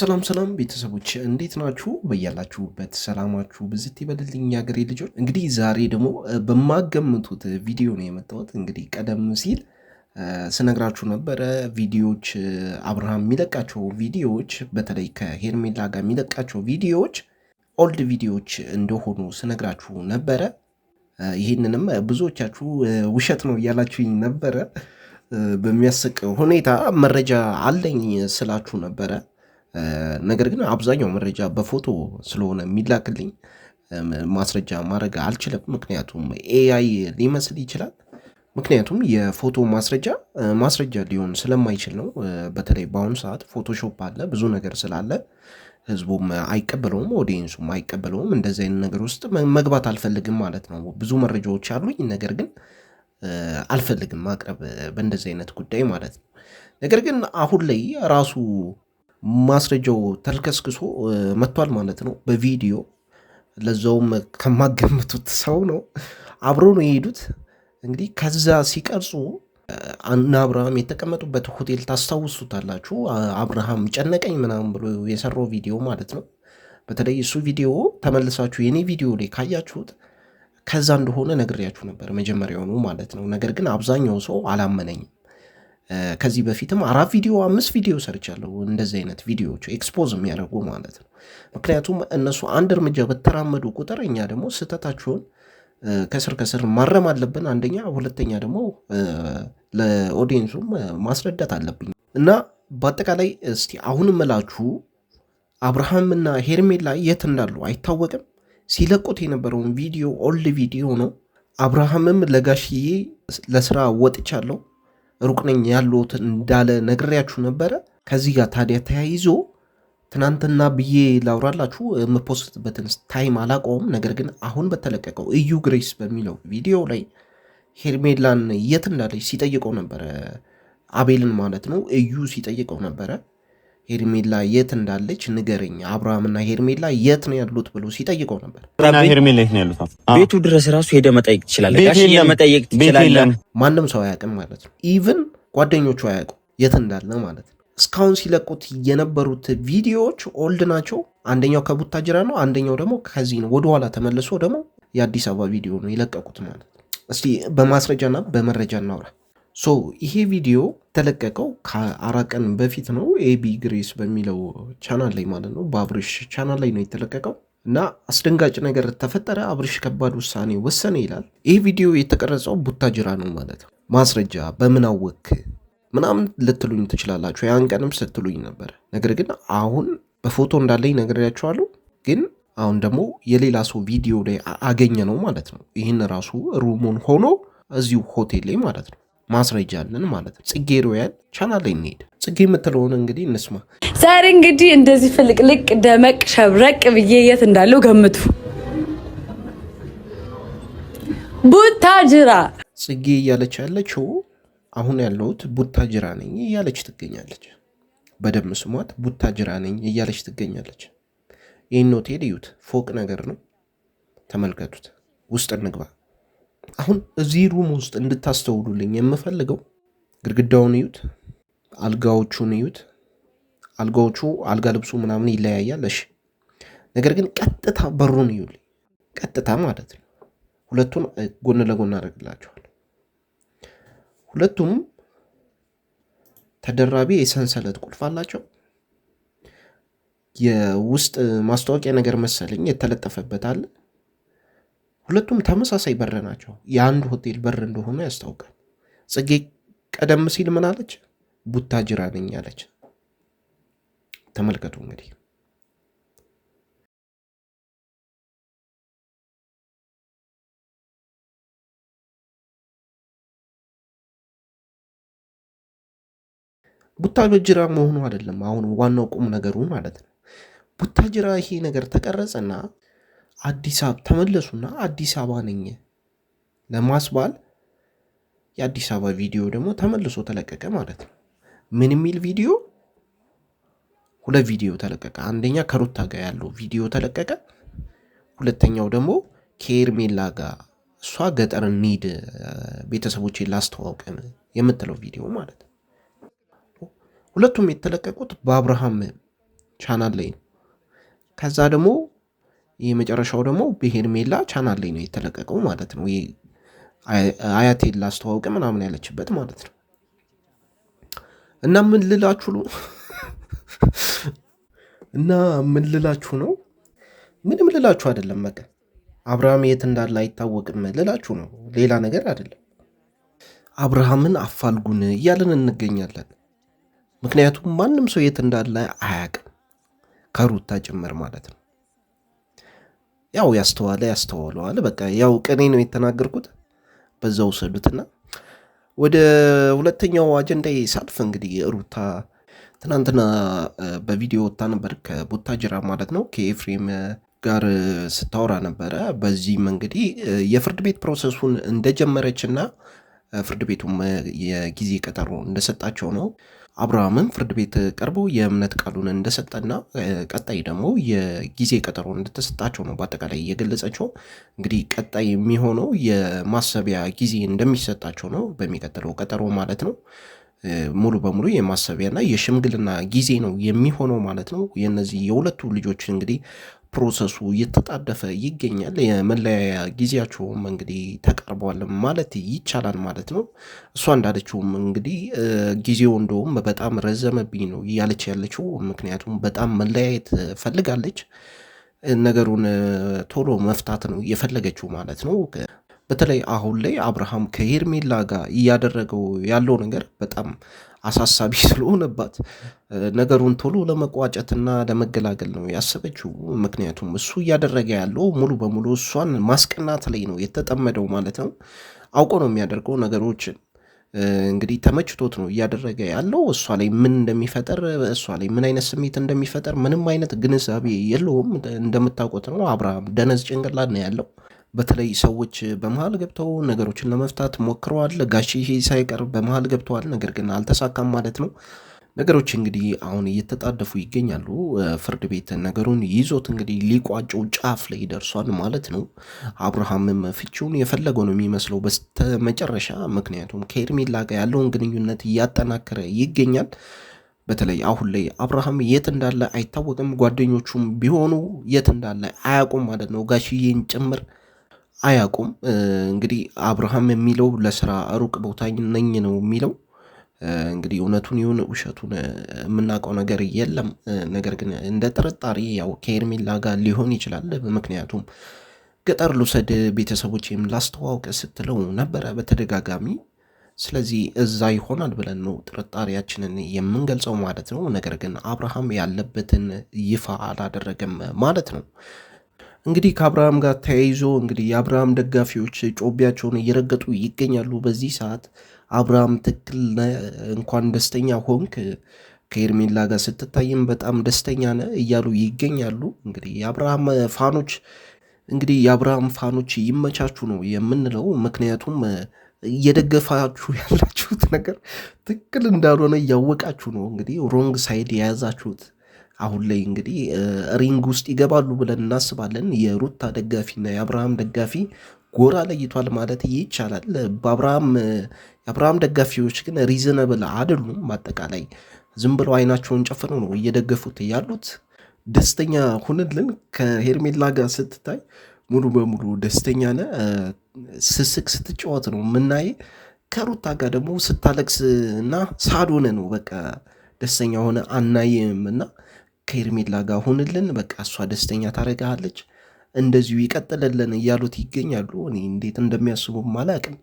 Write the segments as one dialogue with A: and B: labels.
A: ሰላም ሰላም ቤተሰቦች እንዴት ናችሁ? በያላችሁበት ሰላማችሁ ብዝት ይበልልኝ ሀገሬ ልጆች። እንግዲህ ዛሬ ደግሞ በማገምቱት ቪዲዮ ነው የመጣሁት። እንግዲህ ቀደም ሲል ስነግራችሁ ነበረ ቪዲዮዎች አብርሃም የሚለቃቸው ቪዲዮዎች በተለይ ከሄርሜላ ጋር የሚለቃቸው ቪዲዮዎች ኦልድ ቪዲዮዎች እንደሆኑ ስነግራችሁ ነበረ። ይህንንም ብዙዎቻችሁ ውሸት ነው እያላችሁኝ ነበረ። በሚያስቅ ሁኔታ መረጃ አለኝ ስላችሁ ነበረ ነገር ግን አብዛኛው መረጃ በፎቶ ስለሆነ የሚላክልኝ ማስረጃ ማድረግ አልችልም። ምክንያቱም ኤአይ ሊመስል ይችላል። ምክንያቱም የፎቶ ማስረጃ ማስረጃ ሊሆን ስለማይችል ነው። በተለይ በአሁኑ ሰዓት ፎቶሾፕ አለ፣ ብዙ ነገር ስላለ ህዝቡም አይቀበለውም፣ ኦዲየንሱም አይቀበለውም። እንደዚህ አይነት ነገር ውስጥ መግባት አልፈልግም ማለት ነው። ብዙ መረጃዎች አሉኝ፣ ነገር ግን አልፈልግም ማቅረብ በእንደዚህ አይነት ጉዳይ ማለት ነው። ነገር ግን አሁን ላይ ራሱ ማስረጃው ተልከስክሶ መጥቷል ማለት ነው። በቪዲዮ ለዛውም ከማገምቱት ሰው ነው። አብረው ነው የሄዱት እንግዲህ ከዛ ሲቀርጹ እና አብርሃም የተቀመጡበት ሆቴል ታስታውሱታላችሁ። አብርሃም ጨነቀኝ ምናምን ብሎ የሰራው ቪዲዮ ማለት ነው። በተለይ እሱ ቪዲዮ ተመልሳችሁ የኔ ቪዲዮ ላይ ካያችሁት ከዛ እንደሆነ ነግሬያችሁ ነበር መጀመሪያውኑ ማለት ነው። ነገር ግን አብዛኛው ሰው አላመነኝም። ከዚህ በፊትም አራት ቪዲዮ አምስት ቪዲዮ ሰርቻለሁ። እንደዚህ አይነት ቪዲዮዎች ኤክስፖዝ የሚያደርጉ ማለት ነው። ምክንያቱም እነሱ አንድ እርምጃ በተራመዱ ቁጥር እኛ ደግሞ ስህተታቸውን ከስር ከስር ማረም አለብን፣ አንደኛ። ሁለተኛ ደግሞ ለኦዲየንሱም ማስረዳት አለብኝ እና በአጠቃላይ እስቲ አሁን ምላችሁ አብርሃምና ሄርሜላ የት እንዳሉ አይታወቅም። ሲለቁት የነበረውን ቪዲዮ ኦልድ ቪዲዮ ነው። አብርሃምም ለጋሽዬ ለስራ ወጥቻለሁ ሩቅ ነኝ ያለሁት እንዳለ ነግሬያችሁ ነበረ። ከዚህ ጋር ታዲያ ተያይዞ ትናንትና ብዬ ላውራላችሁ የምፖስትበትን ታይም አላውቀውም። ነገር ግን አሁን በተለቀቀው እዩ ግሬስ በሚለው ቪዲዮ ላይ ሄርሜላን የት እንዳለች ሲጠይቀው ነበረ፣ አቤልን ማለት ነው። እዩ ሲጠይቀው ነበረ ሄርሜላ የት እንዳለች ንገረኝ፣ አብርሃምና ሄርሜላ የት ነው ያሉት ብሎ ሲጠይቀው ነበር።
B: ቤቱ ድረስ ራሱ ሄደ መጠየቅ
C: ትችላለህ፣
B: መጠየቅ
A: ማንም ሰው አያውቅም ማለት ነው። ኢቭን ጓደኞቹ አያውቁ የት እንዳለ ማለት ነው። እስካሁን ሲለቁት የነበሩት ቪዲዮዎች ኦልድ ናቸው። አንደኛው ከቡታጅራ ነው፣ አንደኛው ደግሞ ከዚህ ነው። ወደኋላ ተመልሶ ደግሞ የአዲስ አበባ ቪዲዮ ነው የለቀቁት ማለት ነው። እስቲ በማስረጃና በመረጃ እናውራ። ሶ ይሄ ቪዲዮ የተለቀቀው ከአራት ቀን በፊት ነው። ኤቢ ግሬስ በሚለው ቻናል ላይ ማለት ነው፣ በአብርሽ ቻናል ላይ ነው የተለቀቀው እና አስደንጋጭ ነገር ተፈጠረ፣ አብርሽ ከባድ ውሳኔ ወሰነ ይላል። ይህ ቪዲዮ የተቀረጸው ቡታጅራ ነው ማለት ነው። ማስረጃ በምን አወክ ምናምን ልትሉኝ ትችላላችሁ። ያን ቀንም ስትሉኝ ነበር ነገር ግን አሁን በፎቶ እንዳለኝ ነግሬያችኋለሁ። ግን አሁን ደግሞ የሌላ ሰው ቪዲዮ ላይ አገኘ ነው ማለት ነው። ይህን ራሱ ሩሙን ሆኖ እዚሁ ሆቴል ላይ ማለት ነው ማስረጃ አለን ማለት ነው። ጽጌ ሮያል ቻናል ላይ እንሄድ። ጽጌ የምትለውን እንግዲህ እንስማ።
D: ዛሬ እንግዲህ እንደዚህ ፍልቅልቅ ደመቅ ሸብረቅ ብዬ የት እንዳለው ገምቱ። ቡታጅራ
A: ጽጌ እያለች ያለችው አሁን ያለሁት ቡታጅራ ነኝ እያለች ትገኛለች። በደም ስሟት ቡታጅራ ነኝ እያለች ትገኛለች። ይህን ሆቴል እዩት፣ ፎቅ ነገር ነው። ተመልከቱት። ውስጥ እንግባ። አሁን እዚህ ሩም ውስጥ እንድታስተውሉልኝ የምፈልገው ግድግዳውን እዩት፣ አልጋዎቹን እዩት። አልጋዎቹ አልጋ ልብሱ ምናምን ይለያያል። እሺ፣ ነገር ግን ቀጥታ በሩን እዩልኝ፣ ቀጥታ ማለት ነው። ሁለቱን ጎን ለጎን አደርግላቸዋል። ሁለቱም ተደራቢ የሰንሰለት ቁልፍ አላቸው። የውስጥ ማስታወቂያ ነገር መሰለኝ የተለጠፈበት አለ። ሁለቱም ተመሳሳይ በር ናቸው። የአንድ ሆቴል በር እንደሆነ ያስታውቃል። ጽጌ ቀደም ሲል ምን አለች? ቡታጅራ ነኝ አለች። ተመልከቱ እንግዲህ ቡታጅራ መሆኑ አይደለም አሁን ዋናው ቁም ነገሩ ማለት ነው። ቡታጅራ ይሄ ነገር ተቀረጸና አዲስ አበባ ተመለሱና አዲስ አበባ ነኝ ለማስባል የአዲስ አበባ ቪዲዮ ደግሞ ተመልሶ ተለቀቀ ማለት ነው። ምን የሚል ቪዲዮ? ሁለት ቪዲዮ ተለቀቀ። አንደኛ ከሩታ ጋር ያለው ቪዲዮ ተለቀቀ። ሁለተኛው ደግሞ ከኤርሜላ ጋር እሷ ገጠር እንሂድ ቤተሰቦች ላስተዋውቀን የምትለው ቪዲዮ ማለት ነው። ሁለቱም የተለቀቁት በአብርሃም ቻናል ላይ ነው። ከዛ ደግሞ የመጨረሻው ደግሞ ብሄር ሜላ ቻናል ላይ ነው የተለቀቀው ማለት ነው። አያቴን ላስተዋውቅ ምናምን ያለችበት ማለት ነው። እና ምን ልላችሁ ነው እና ምን ልላችሁ ነው? ምንም ልላችሁ አይደለም። በቃ አብርሃም የት እንዳለ አይታወቅም ልላችሁ ነው። ሌላ ነገር አይደለም። አብርሃምን አፋልጉን እያለን እንገኛለን። ምክንያቱም ማንም ሰው የት እንዳለ አያውቅም ከሩታ ጭምር ማለት ነው። ያው ያስተዋለ ያስተዋለዋል። በቃ ያው ቅኔ ነው የተናገርኩት፣ በዛ ውሰዱትና ወደ ሁለተኛው አጀንዳ ሳልፍ እንግዲህ ሩታ ትናንትና በቪዲዮ ወጥታ ነበር፣ ከቡታጅራ ማለት ነው ከኤፍሬም ጋር ስታወራ ነበረ። በዚህም እንግዲህ የፍርድ ቤት ፕሮሰሱን እንደጀመረች እና ፍርድ ቤቱም የጊዜ ቀጠሮ እንደሰጣቸው ነው አብርሃምም ፍርድ ቤት ቀርቦ የእምነት ቃሉን እንደሰጠና ቀጣይ ደግሞ የጊዜ ቀጠሮ እንደተሰጣቸው ነው በአጠቃላይ እየገለጸቸው እንግዲህ ቀጣይ የሚሆነው የማሰቢያ ጊዜ እንደሚሰጣቸው ነው በሚቀጥለው ቀጠሮ ማለት ነው። ሙሉ በሙሉ የማሰቢያና የሽምግልና ጊዜ ነው የሚሆነው ማለት ነው። የነዚህ የሁለቱ ልጆች እንግዲህ ፕሮሰሱ እየተጣደፈ ይገኛል። የመለያያ ጊዜያቸውም እንግዲህ ተቃርቧል ማለት ይቻላል ማለት ነው። እሷ እንዳለችውም እንግዲህ ጊዜው እንደውም በጣም ረዘመብኝ ነው እያለች ያለችው፣ ምክንያቱም በጣም መለያየት ፈልጋለች። ነገሩን ቶሎ መፍታት ነው እየፈለገችው ማለት ነው። በተለይ አሁን ላይ አብርሃም ከሄርሜላ ጋር እያደረገው ያለው ነገር በጣም አሳሳቢ ስለሆነባት ነገሩን ቶሎ ለመቋጨትና ለመገላገል ነው ያሰበችው። ምክንያቱም እሱ እያደረገ ያለው ሙሉ በሙሉ እሷን ማስቀናት ላይ ነው የተጠመደው ማለት ነው። አውቆ ነው የሚያደርገው ነገሮችን እንግዲህ ተመችቶት ነው እያደረገ ያለው። እሷ ላይ ምን እንደሚፈጠር እሷ ላይ ምን አይነት ስሜት እንደሚፈጠር ምንም አይነት ግንዛቤ የለውም። እንደምታውቁት ነው አብርሃም ደነዝ ጭንቅላት ነው ያለው። በተለይ ሰዎች በመሀል ገብተው ነገሮችን ለመፍታት ሞክረዋል። ጋሼ ሳይቀር በመሀል ገብተዋል፣ ነገር ግን አልተሳካም ማለት ነው። ነገሮች እንግዲህ አሁን እየተጣደፉ ይገኛሉ። ፍርድ ቤት ነገሩን ይዞት እንግዲህ ሊቋጨው ጫፍ ላይ ደርሷል ማለት ነው። አብርሃምም ፍቺውን የፈለገው ነው የሚመስለው በስተመጨረሻ፣ ምክንያቱም ከኤርሜላ ጋር ያለውን ግንኙነት እያጠናከረ ይገኛል። በተለይ አሁን ላይ አብርሃም የት እንዳለ አይታወቅም። ጓደኞቹም ቢሆኑ የት እንዳለ አያውቁም ማለት ነው ጋሽዬን ጭምር አያውቁም። እንግዲህ አብርሃም የሚለው ለስራ ሩቅ ቦታ ነኝ ነው የሚለው። እንግዲህ እውነቱን ይሁን ውሸቱን የምናውቀው ነገር የለም። ነገር ግን እንደ ጥርጣሬ ያው ከኤርሜላ ጋር ሊሆን ይችላል። ምክንያቱም ገጠር ልውሰድ ቤተሰቦቼም ላስተዋውቅ ስትለው ነበረ በተደጋጋሚ። ስለዚህ እዛ ይሆናል ብለን ነው ጥርጣሬያችንን የምንገልጸው ማለት ነው። ነገር ግን አብርሃም ያለበትን ይፋ አላደረገም ማለት ነው። እንግዲህ ከአብርሃም ጋር ተያይዞ እንግዲህ የአብርሃም ደጋፊዎች ጮቢያቸውን እየረገጡ ይገኛሉ። በዚህ ሰዓት አብርሃም ትክክል እንኳን ደስተኛ ሆንክ ከኤርሜላ ጋር ስትታይም በጣም ደስተኛ ነ እያሉ ይገኛሉ። እንግዲህ የአብርሃም ፋኖች እንግዲህ የአብርሃም ፋኖች ይመቻችሁ ነው የምንለው። ምክንያቱም እየደገፋችሁ ያላችሁት ነገር ትክክል እንዳልሆነ እያወቃችሁ ነው እንግዲህ ሮንግ ሳይድ የያዛችሁት አሁን ላይ እንግዲህ ሪንግ ውስጥ ይገባሉ ብለን እናስባለን። የሩታ ደጋፊና የአብርሃም ደጋፊ ጎራ ለይቷል ማለት ይቻላል። በአብርሃም የአብርሃም ደጋፊዎች ግን ሪዝነብል አይደሉም። በአጠቃላይ ዝም ብለው አይናቸውን ጨፍነው ነው እየደገፉት ያሉት። ደስተኛ ሁንልን። ከሄርሜላ ጋር ስትታይ ሙሉ በሙሉ ደስተኛ ነ ስስቅ ስትጫወት ነው የምናየ። ከሩታ ጋር ደግሞ ስታለቅስ እና ሳዶነ ነው በቃ ደስተኛ ሆነ አናይም እና ከሄርሜላ ጋር ሁንልን፣ በቃ እሷ ደስተኛ ታደርግሃለች፣ እንደዚሁ ይቀጥልልን እያሉት ይገኛሉ። እኔ እንዴት እንደሚያስቡም አላቅም።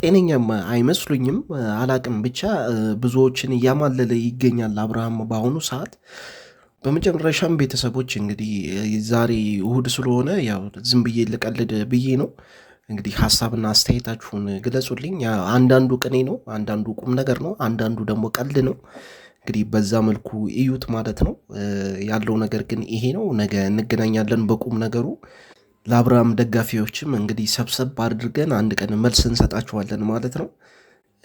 A: ጤነኛም አይመስሉኝም፣ አላቅም። ብቻ ብዙዎችን እያማለለ ይገኛል አብርሃም በአሁኑ ሰዓት። በመጨረሻም ቤተሰቦች እንግዲህ ዛሬ እሁድ ስለሆነ ያው ዝም ብዬ ልቀልድ ብዬ ነው። እንግዲህ ሀሳብና አስተያየታችሁን ግለጹልኝ። አንዳንዱ ቅኔ ነው፣ አንዳንዱ ቁም ነገር ነው፣ አንዳንዱ ደግሞ ቀልድ ነው። እንግዲህ በዛ መልኩ እዩት ማለት ነው። ያለው ነገር ግን ይሄ ነው። ነገ እንገናኛለን በቁም ነገሩ። ለአብርሃም ደጋፊዎችም እንግዲህ ሰብሰብ አድርገን አንድ ቀን መልስ እንሰጣችኋለን ማለት ነው።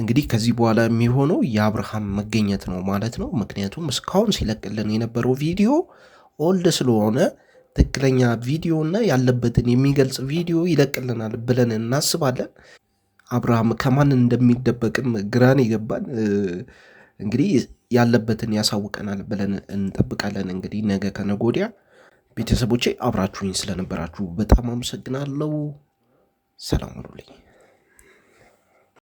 A: እንግዲህ ከዚህ በኋላ የሚሆነው የአብርሃም መገኘት ነው ማለት ነው። ምክንያቱም እስካሁን ሲለቅልን የነበረው ቪዲዮ ኦልድ ስለሆነ ትክክለኛ ቪዲዮ እና ያለበትን የሚገልጽ ቪዲዮ ይለቅልናል ብለን እናስባለን። አብርሃም ከማን እንደሚደበቅም ግራን ይገባል እንግዲህ ያለበትን ያሳውቀናል ብለን እንጠብቃለን። እንግዲህ ነገ ከነጎዲያ ቤተሰቦቼ አብራችሁኝ ስለነበራችሁ በጣም አመሰግናለሁ። ሰላም ሁኑልኝ።